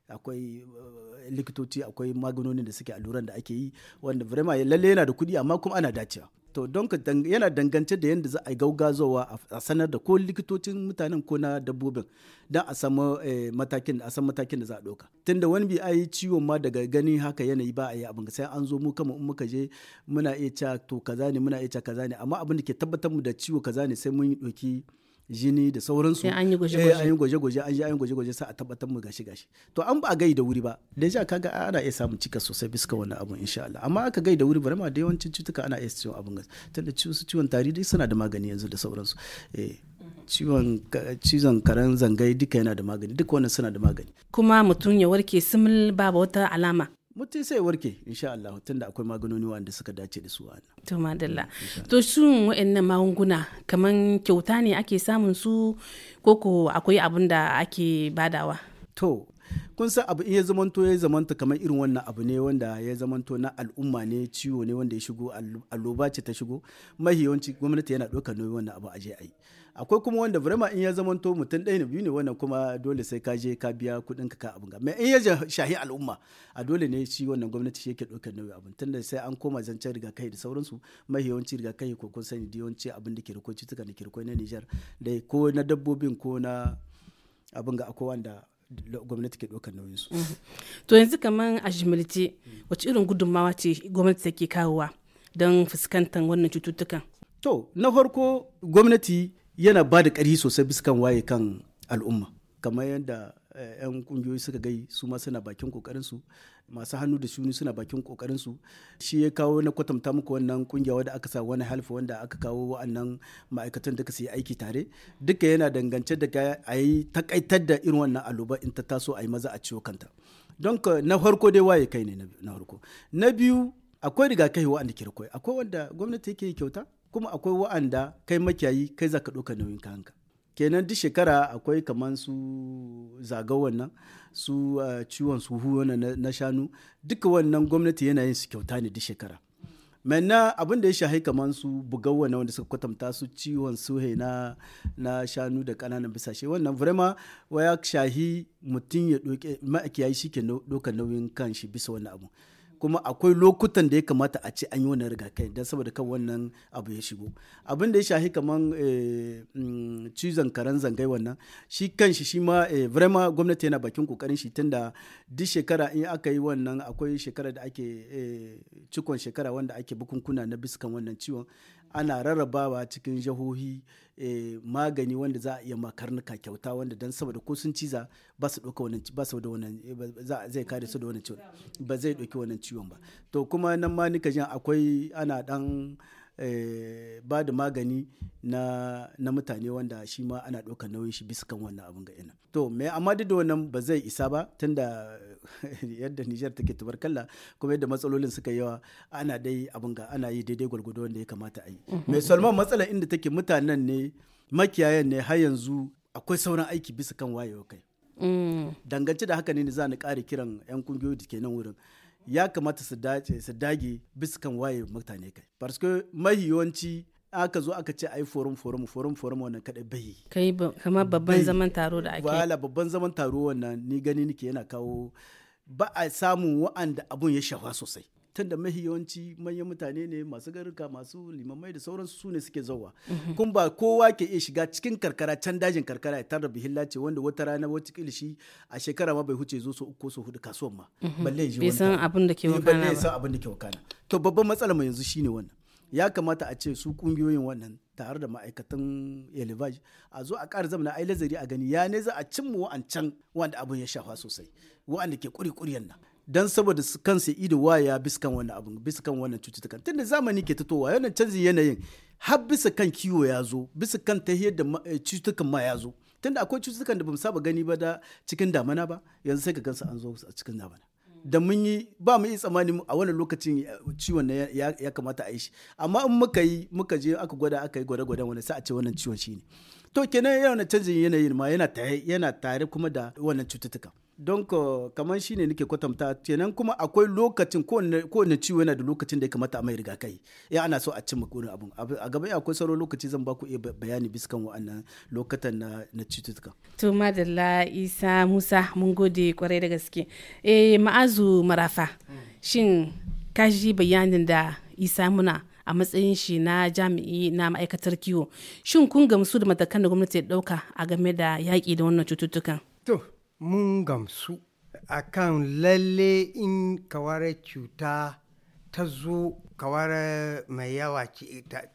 akwai eh, likitoci akwai maganonin da suke alluran da ake yi wanda vraiment lalle yana da kuɗi amma kuma ana dacewa to don ka yana dangance da yadda za a gaugazowa a sanar da ko likitocin mutanen ko na dabbobin don a samu eh, matakin san matakin da za a ɗauka tunda wani bi yi ciwon ma daga gani haka yanayi ba a yi abin sai an zo mu kama in muka je muna iya to kaza ne muna iya kaza ne amma abin da ke tabbatar mu da ciwo kaza ne sai mun ɗauki jini da sauransu eh, an yi gwaje-gwaje an yi gwaje-gwaje sa a tabbatar mu gashi gashi to an ba a gai da wuri ba da ja kaga ana iya samun cika sosai bisa wannan abun insha Allah amma aka gai da wuri bari ma da yawancin cutuka ana iya ciwon abun gas tunda ciwon tari dai suna da magani yanzu da sauransu eh, ciwon cizon karan zangai duka yana da magani duka wannan suna da magani kuma mutum ya warke simil babu wata alama mutum sai warke insha Allah da akwai maganoni wanda suka dace da su wannan to madalla mm, to shin waɗannan magunguna kaman kyauta ne ake samun su koko akwai abin da ake badawa to kun san abu iya zamanto ya zamanta kamar irin wannan abu ne wanda ya zamanto na al'umma ne ciwo ne wanda ya shigo alloba ce ta shigo mahiyawanci gwamnati yana ɗaukar nauyin wannan abu je a yi akwai kuma wanda vraiment in ya zamanto mutum ɗaya ne biyu ne wannan kuma dole sai ka je ka biya kuɗin ka abin ga mai in ya shahi al'umma a dole ne shi wannan gwamnati shi yake ɗaukar nauyi abin tunda sai an koma zancen rigakafi da sauransu mai yawanci rigakafi ko kun sani yawanci abin da ke rikoi cutuka da ke rikoi na Nijar dai ko na dabbobin ko na abin ga akwai wanda gwamnati ke ɗaukar su. Mhm. To yanzu kamar a jimilce wacce irin gudunmawa ce gwamnati take kawowa don fuskantar wannan cututtukan? To na farko gwamnati yana ba da ƙari sosai biskan waye kan al'umma kamar yadda 'yan eh, kungiyoyi suka gai su ma suna bakin su masu hannu da shuni suna bakin kokarin su shi ya kawo na kwatanta muku wannan kungiya wanda aka sa wani halfa wanda aka kawo wa'annan ma'aikatan duka su yi aiki tare duka yana dangance da a yi takaitar da irin wannan aluba in ta taso a yi maza a ciwo kanta don na farko dai waye kai ne na farko na biyu akwai rigakafi wa'anda ke akwai wanda gwamnati yake kyauta kuma akwai wa'anda kai makiyayi kai za ka ɗauka nauyin kanka kenan duk shekara akwai kamar su zaga wannan su ah, ciwon su huwa na shanu duka wannan gwamnati yana yin su kyauta ne duk shekara menna abin da ya shahi kamar su bugau wannan wanda suka kwatanta su ciwon suhe na na shanu da kananan bisashe wannan vrema waya shahi mutum ya doke ma'akiyayi shi ke doka nauyin kan shi bisa wannan abu kuma akwai lokutan da ya kamata a ce an yi wannan rigakafi don saboda kan wannan abu ya shigo abin da ya shahi kaman eh, mm, cizon karen zangai wannan shi kanshi shi ma eh, vrema gwamnati yana bakin kokarin shi tunda duk shekara in aka yi wannan akwai shekara da ake eh, cikon shekara wanda ake bukunkuna na biskan wannan ciwon ana rarrabawa cikin jihohi eh, magani wanda za a iya makarnuka kyauta wanda don saboda ko sun ciza ba su ɗauka wannan ba su da wannan eh, zai kare su da wannan ciwon ba zai ɗauki wannan ciwon ba to kuma nan ma nika jin akwai ana dan Eh, ba da magani na, na mutane wanda shi ma ana ɗaukar nauyin shi bisa kan wannan abin ga ina to mai amma duk da wannan ba zai isa ba tunda (laughs) yadda nijar take kalla kuma yadda matsalolin suka yawa ana dai abin ga ana yi daidai gwargwado wanda ya kamata a yi mai mhm. salman matsalar inda take mutanen ne makiyayan ne har yanzu akwai sauran aiki bisa kan wayewa kai mm. dangance da haka ne za ni ƙara kiran 'yan kungiyoyi da ke nan wurin ya kamata su dace su dage biskan waye mutane kai parce que mahi yawanci aka zo aka ce ai forum forum forum forum wannan kadai bai kai kama babban zaman taro da ake wala babban zaman taro wannan ni gani nake yana kawo ba a samu wa'anda abun ya shafa sosai tunda mahi yawanci manyan mutane ne masu garuka masu limamai da sauransu su ne suke zauwa mhm. kun ba kowa ke iya shiga cikin karkara can dajin karkara ya tarra bihilla ce wanda wata rana wata kilishi a shekara ma bai huce zo so uku so hudu kasuwan ma mhm. balle ji san to babban matsalar mu yanzu shine wannan ya kamata a ce su kungiyoyin wannan tare da ma'aikatan elevage a zo a ƙara zamana ai lazari a gani ya ne za a cimma wa'ancan wanda abin ya shafa sosai wa'anda ke kuri-kuriyan nan don saboda su kansu ido waya bisa kan wannan abin bisa kan wannan cututtukan tunda zamani ke fitowa wannan canjin yanayin har bisa kan kiwo ya zo bisa kan hiyar da eh, cututtukan ma ya zo tunda akwai cututtukan da mu saba gani ba da cikin damana ba yanzu sai ka gansu an zo a cikin damana da mun yi ba mu yi tsammani a wannan lokacin eh, ciwon na ya kamata a yi shi amma in muka yi muka je aka gwada aka yi gwada-gwada wani sai a ce wannan ciwon shi ne to kenan yana canjin yanayin ma yana tare kuma da wannan cututtukan. don kamar shi ne nake kwatanta kenan kuma akwai lokacin kowane ciwo yana da lokacin da ya kamata a mai rigakai ya ana so a cin makonin abun a gaba akwai sauran lokaci zan baku iya bayani biskan wa'annan lokatan na, na cututtuka. to madalla isa musa mun gode kwarai da gaske eh ma'azu marafa shin kaji bayanin da isa muna a matsayin shi na jami'i na ma'aikatar kiwo shin kun gamsu da matakan da gwamnati ya dauka a game da yaƙi da wannan cututtukan. to mun gamsu A kan lalle in kawar cuta ta zo kawar mai yawa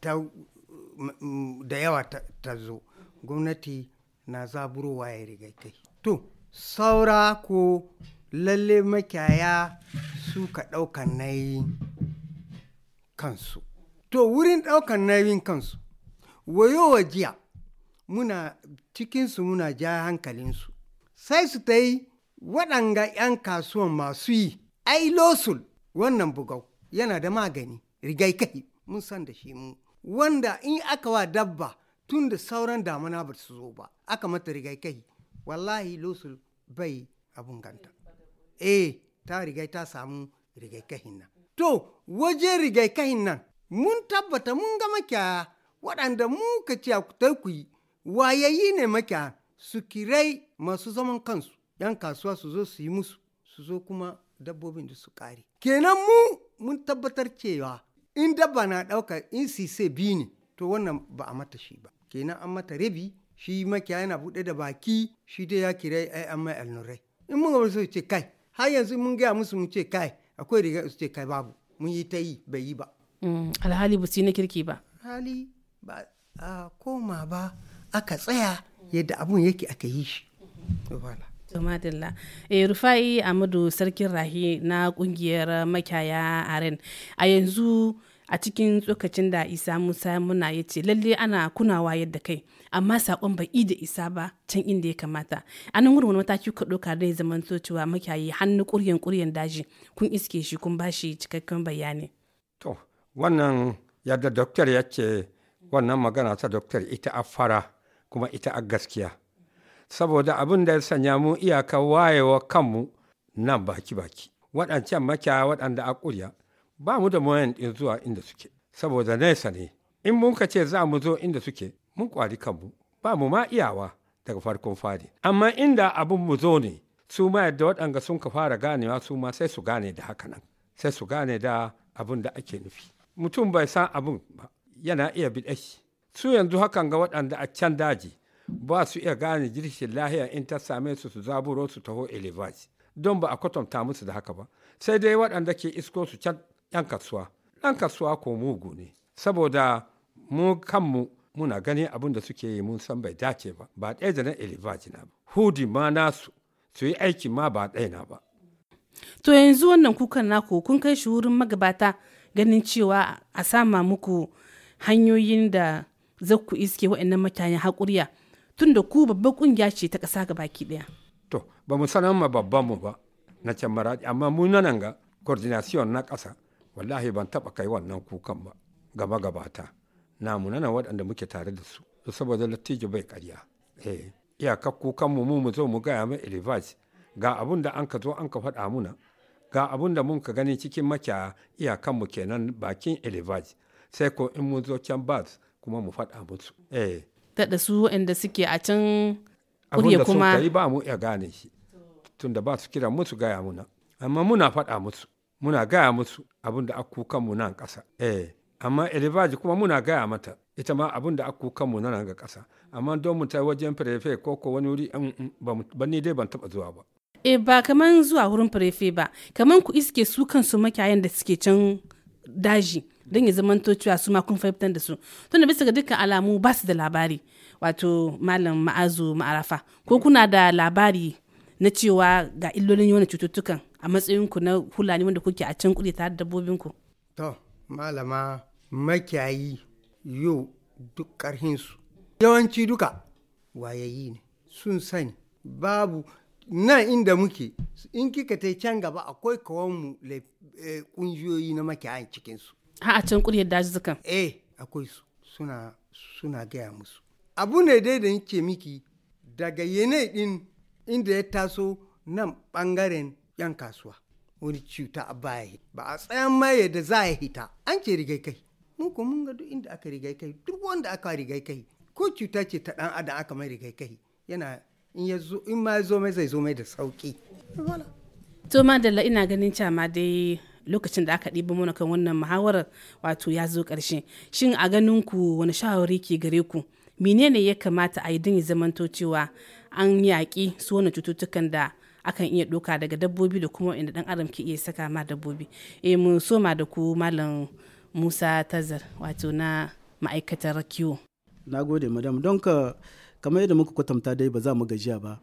da yawa ta zo gwamnati na zaburowa ya riga kai to saura ko lalle makiyaya su ka ɗaukan nayin kansu to wurin ɗaukan nayin kansu wayo jiya, muna cikinsu muna ja hankalinsu sai su ta yi waɗanga 'yan kasuwan masu yi ai losul wannan bugau yana da magani rigakahi. mun san da shi mu wanda in aka wa dabba tun da sauran damana ba su zo ba aka mata rigakahi. wallahi losul bai abun ganta eh ta rigai ta samu rigakahin nan to waje rigakahin nan mun tabbata mun ga makiyaya waɗanda mu ka ce ku yi wayayi ne makiyaya su kirai masu zaman kansu 'yan kasuwa su zo su yi musu su zo kuma dabbobin da su kare kenan mu mun tabbatar cewa in dabba na ɗaukar in sise bi ne to wannan ba a mata shi ba kenan an mata rabi shi makiya yana buɗe da baki shi dai ya kirai ai an mai alnurai in mun gaba su ce kai har yanzu mun gaya musu mun ce kai akwai riga su ce kai babu mun yi ta yi bai yi ba mm, alhali ba na kirki ba hali ba a koma ba aka tsaya yadda abun yake aka yi shi Tumadilla. E, eh, Rufai Amadu Sarkin Rahi na kungiyar makiyaya Aren. A yanzu a cikin tsokacin da Isa Musa muna ya ce lalle ana kunawa yadda kai. Amma saƙon bai da isa ba can inda ya kamata. A nan wurin mataki ka ɗauka zai zaman cewa makiyayi hannu ƙuryen ƙuryen daji kun iske shi kun ba shi cikakken bayani. To, wannan yadda doktor ya ce wannan magana ta doktor ita a fara. kuma ita a gaskiya saboda abin da ya sanya mu iyaka wayewa kanmu nan baki-baki waɗancan makiya waɗanda a ƙurya ba mu da moyan ɗin zuwa inda suke saboda nesa ne in mun ka ce za mu zo inda suke mun ƙwari kanmu ba mu ma iyawa daga farkon fari amma inda abin mu zo ne su ma yadda waɗanga sun ka fara ganewa su ma sai su gane da haka nan sai su gane da abin da ake nufi mutum bai san abin ba yana iya shi. su yanzu hakan ga waɗanda a can daji ba su iya gane jirgin lahiya in ta same su su zaburo su taho elevage don ba a kwatanta musu da haka ba sai dai waɗanda ke isko su can yan kasuwa ɗan kasuwa ko mugu ne saboda mu kanmu muna ganin abin da suke yi mun san bai dace ba ba ɗaya da na elevage na ba hudi ma nasu su yi aiki ma ba ɗaya na ba to yanzu wannan kukan naku kun kai shi wurin magabata ganin cewa a sama muku hanyoyin da za ku iske waɗannan mutane haƙuriya da ku babbar ƙungiya ce ta ƙasa ga baki ɗaya. To, ba mu sanar ma babban mu ba na can maraɗi, amma mu nan ga coordination na ƙasa, wallahi ban taɓa kai wannan kukan ba gaba gabata. Na mu nan waɗanda muke tare da su, saboda lattijo bai ƙarya. Eh, iyakar kukan mu mu zo mu gaya mai rivers ga abun da an ka zo an ka faɗa muna. Ga abun da mun ka gani cikin makiya iyakanmu kenan bakin elevage sai ko in mun zo can bas kuma mu faɗa musu eh da su waɗanda suke a can kurye kuma abin da ba mu iya gane shi tunda ba su kira musu gaya muna amma muna faɗa musu muna gaya musu abin da kuka mu nan ƙasa eh. amma elibaji kuma muna gaya mata ita ma abin da kuka mu nan ga ƙasa amma don mu tai wajen prefe ko ko wani wuri mm, mm, ba ni dai ban taɓa zuwa ba e ba kaman zuwa wurin prefe ba kaman ku iske su kansu makiyayan da suke can daji don ya zama cewa su ma kun fahimtar da su tunda bisa ga dukkan alamu ba su da labari wato malam ma'azu ma'arafa ko kuna da labari na cewa ga illolin yawan cututtukan a matsayinku na hulani wanda kuke a can kudi tare da dabbobinku to malama makiyayi yo duk yawanci duka wayayi ne sun sani babu nan inda muke in kika ta can gaba akwai kawanmu kungiyoyi e, na makiyayan cikinsu ha a can kuryar dazuzzukan eh akwai su suna gaya musu abu ne dai da yake miki daga yene din inda ya taso nan bangaren yan kasuwa wani cuta a baya ba a tsayan maye da za a hita an ce rigai kai mun ko mun ga duk inda aka rigai kai duk wanda aka rigai kai ko cuta ce ta dan adam aka mai rigai kai yana in ma ya zo mai zai zo mai da sauki to madalla ina ganin cama dai lokacin da aka ɗibi mana kan wannan muhawarar wato ya zo ƙarshe shin a ganin ku wani shawari ke gare ku menene ya kamata a yi dinga ya zamanto cewa an yaƙi su wani cututtukan da akan iya ɗoka daga dabbobi da kuma inda ɗan adam ke iya saka ma dabbobi e eh, mu soma da ku malam musa tazar wato na ma'aikatar kiwo na gode madam don ka kamar yadda muka kwatanta dai ba za mu gajiya ba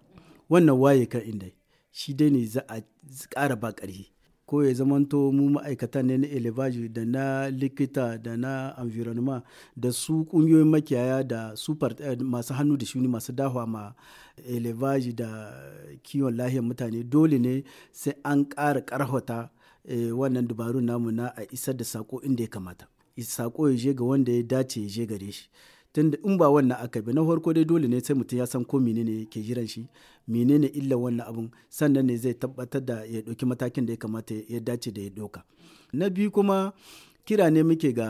wannan waye kan inda shi dai ne za a ƙara ba ƙarfi ko ya zamanto mu ma'aikata ne na elevage da na likita da na environment da su ƙungiyoyin makiyaya da su eh, masu hannu da shuni masu dahwa ma elevage da kiwon lahiyar mutane dole ne sai an ƙara ƙarhota eh, wannan dubarun namu na a isar da sako inda ya kamata sako ya je ga wanda ya dace ya je gare shi tunda in ba wannan aka bi na farko dai dole ne sai mutum ya san ko menene ke jiran shi menene illa wannan abun sannan ne zai tabbatar da ya ɗauki matakin da ya kamata ya dace da ya ɗauka na biyu kuma kira ne muke ga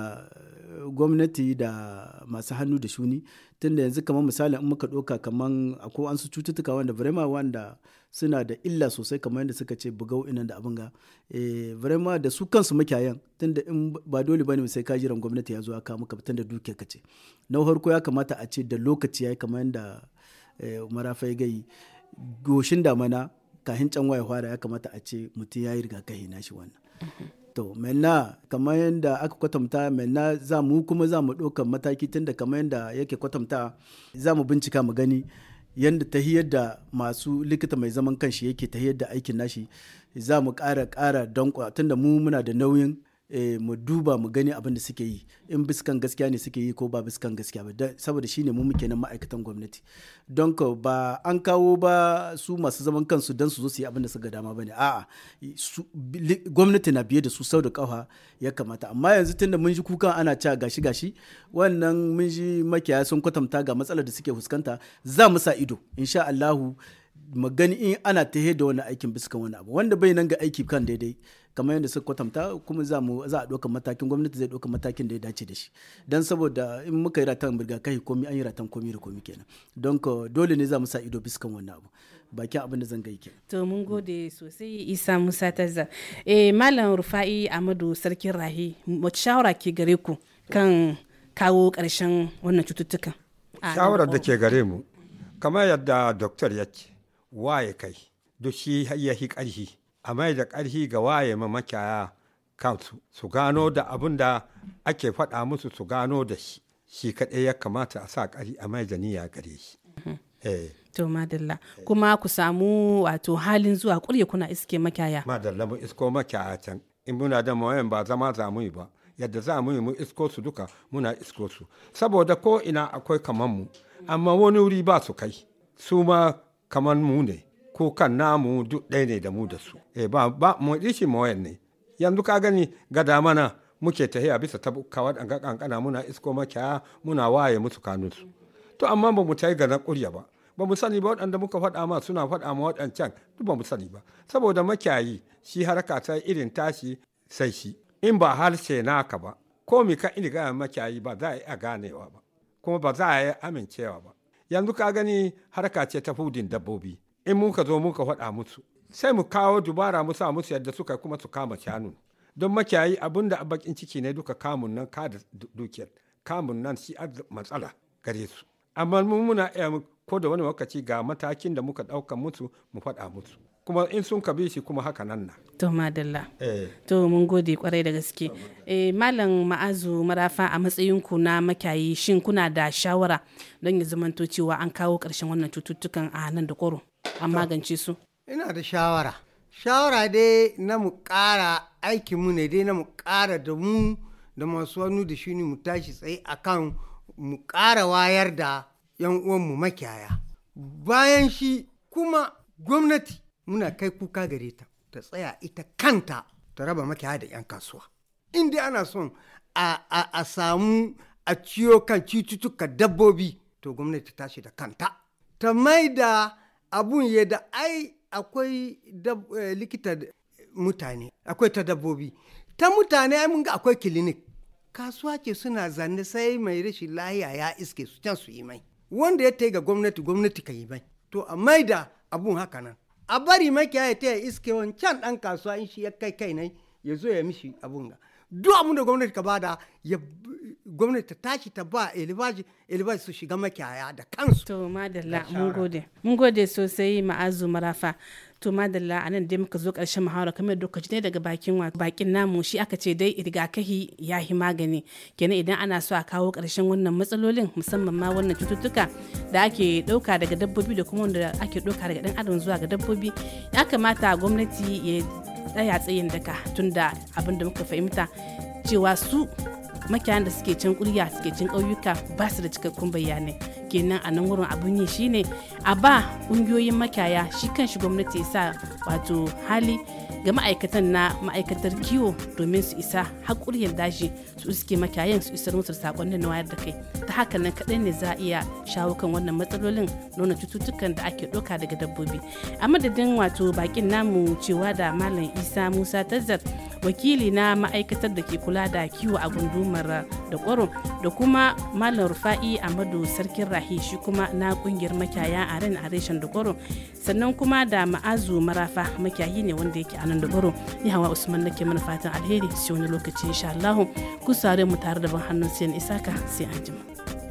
gwamnati da masu hannu da shuni tunda yanzu kamar misali in muka ɗauka kamar akwai an su cututtuka wanda vrema wanda suna da illa sosai kamar yadda suka ce bugau inan da abin ga eh, vrema da su kansu makiyayan tunda in ba dole bane sai ka jiran gwamnati ya zo aka muka fitan da duke ka ce na farko ya kamata a ce da lokaci ya kamar yadda eh, marafai gai goshin damana kahin can waya fara ya kamata a ce mutum ya yi rigakafi na shi wannan mhm. To, menna kamar yadda aka kwatanta menna za mu kuma za mu ɗaukar mataki tunda kamar yadda yake kwatanta za mu bincika mu gani yadda tahiyar da masu likita mai zaman kanshi yake tahiyar da aikin nashi za mu ƙara ƙara danƙwa tunda mu muna da nauyin Eh, mu duba mu gani abin da suke yi in biskan gaskiya ne suke yi ko ba biskan gaskiya ba saboda shine mu muke nan ma'aikatan gwamnati don ba an kawo ba su masu zaman kansu don su zo su yi abin da suka dama ba ne a'a gwamnati na biye da su sau da kafa ya kamata amma yanzu tunda mun ji kukan ana cewa gashi gashi wannan mun ji makiyaya sun kwatanta ga matsalar da suke fuskanta za mu sa ido insha Allahu magani in ana ta da wani aikin biskan wani abu wanda bai nan ga aiki kan daidai kamar yadda suka kwatanta kuma za mu a ɗaukar matakin gwamnati zai ɗaukar matakin da ya dace da shi don saboda in muka yi ratan kai komi an yi ratan komi da komi kenan don dole ne za mu sa ido biskan wannan abu baki abin da zan gai yake. To mun gode sosai Isa Musa Tazza. Eh Malam Rufa'i Amadu Sarkin Rahi, mu shawara ke gare ku kan kawo ƙarshen wannan cututtukan? Ah, shawara da oh. ke gare mu, kamar yadda doktor ya ce, waye kai, duk shi ya yi ƙarfi. a mai da ƙarfi ga waye ma makiyaya kansu su gano da abin da ake faɗa musu su gano da shi shi kaɗai ya kamata a sa ƙari a mai da niyya gare shi. Mm-hmm. Eh. To madalla kuma ku samu wato halin zuwa ƙulle kuna iske makiyaya. Madalla mu isko makiyaya can in muna da mawayan ba zama za mu yi ba yadda za mu yi mu isko su duka muna isko su saboda ko ina akwai kaman mu amma wani wuri ba su kai su ma kaman mu ne Ko kan namu duk ɗaya ne da mu da su e ba ba mu dishi ne yanzu ka gani ga mana muke tahiya bisa tabuka waɗanga kankana muna isko makyaya muna waye musu kanunsu to amma ba mu tayi ga na ƙurya ba ba mu sani ba waɗanda muka faɗa ma suna faɗa ma waɗancan duk ba mu sani ba saboda makiyayi shi haraka ta irin tashi sai shi in ba harshe naka ba ko mi ka ina gaya makiyayi ba za a yi a ganewa ba kuma ba za a yi amincewa ba yanzu ka gani harka ce ta hudin dabbobi in muka zo muka faɗa musu sai mu kawo dubara mu sa musu yadda suka kuma su kama shanun don makiyayi abin da bakin ciki ne duka kamun nan ka da dukiyar kamun nan shi matsala gare su amma mun muna iya ko da wani lokaci ga matakin da muka ɗauka musu mu faɗa musu kuma in sun ka shi kuma haka nan na. To madalla. Eh. To mun gode kwarai da gaske. Eh malam ma'azu marafa a matsayin ku na makiyayi shin kuna da shawara don ya zamanto cewa an kawo ƙarshen wannan cututtukan a nan da koro. an magance su ina da shawara shawara dai na mu ƙara aikinmu ne dai na mu ƙara da mu da masu wani da shi mu tashi tsaye akan mu ƙara wayar da 'yan uwanmu makiyaya bayan shi kuma gwamnati muna kai kuka gare ta ta tsaya ita kanta ta raba makiyaya da 'yan kasuwa in dai ana son a, samu a ciyo kan cututtukan dabbobi to gwamnati ta tashi da kanta ta mai da abun yadda ai akwai eh, likita mutane akwai ta dabbobi ta mutane ai mun ga akwai kilinik kasuwa ce suna zanne sai mai rashin lahiya ya iske su can su yi mai wanda ya tai ga gwamnati gwamnati ka yi mai to a mai da abun haka nan a bari maki ya ta iske wancan dan kasuwa in shi ya kai kai nai ya zo ya mishi abun ga duk abin da gwamnati ka bada ya gwamnati ta tashi ta ba elibaji elibaji su shiga makiyaya da kansu to madalla mun gode mun gode sosai ma'azu marafa to madalla a nan dai muka zo ƙarshen muhawara kamar yadda kuka ji daga bakin bakin namu shi aka ce dai rigakafi ya yi magani kenan idan ana so a kawo ƙarshen wannan matsalolin musamman ma wannan cututtuka da ake ɗauka daga dabbobi da kuma wanda ake ɗauka daga ɗan adam zuwa ga dabbobi ya kamata gwamnati ya tsaya tsayin daka tunda abin da muka fahimta cewa su makiyan da suke cin kurya suke cin ƙauyuka ba su da cikakkun bayanai kenan a nan wurin abun yi shine a ba ƙungiyoyin makiyaya shi kan shi gwamnati ya sa wato hali ga ma'aikatan na ma'aikatar kiwo domin su isa haƙuriyar daji su iske makiyayan su isar musu sakonnin na wayar da kai ta haka nan kaɗai ne za a iya shawo kan wannan matsalolin nuna cututtukan da ake ɗauka daga dabbobi a madadin wato bakin namu cewa da malam isa musa tazzar wakili na ma'aikatar da ke kula da kiwo a gundumar da kwaro da kuma malam rufa'i amadu sarkin rahi shi kuma na kungiyar makiyaya a ren a reshen da kwaro sannan kuma da ma'azu marafa makiyayi ne wanda yake a nan da baro ni hawa usman nake mana fatan alheri sai wani lokaci insha allahu ku sare mu tare da ban hannun sai isaka sai anjima.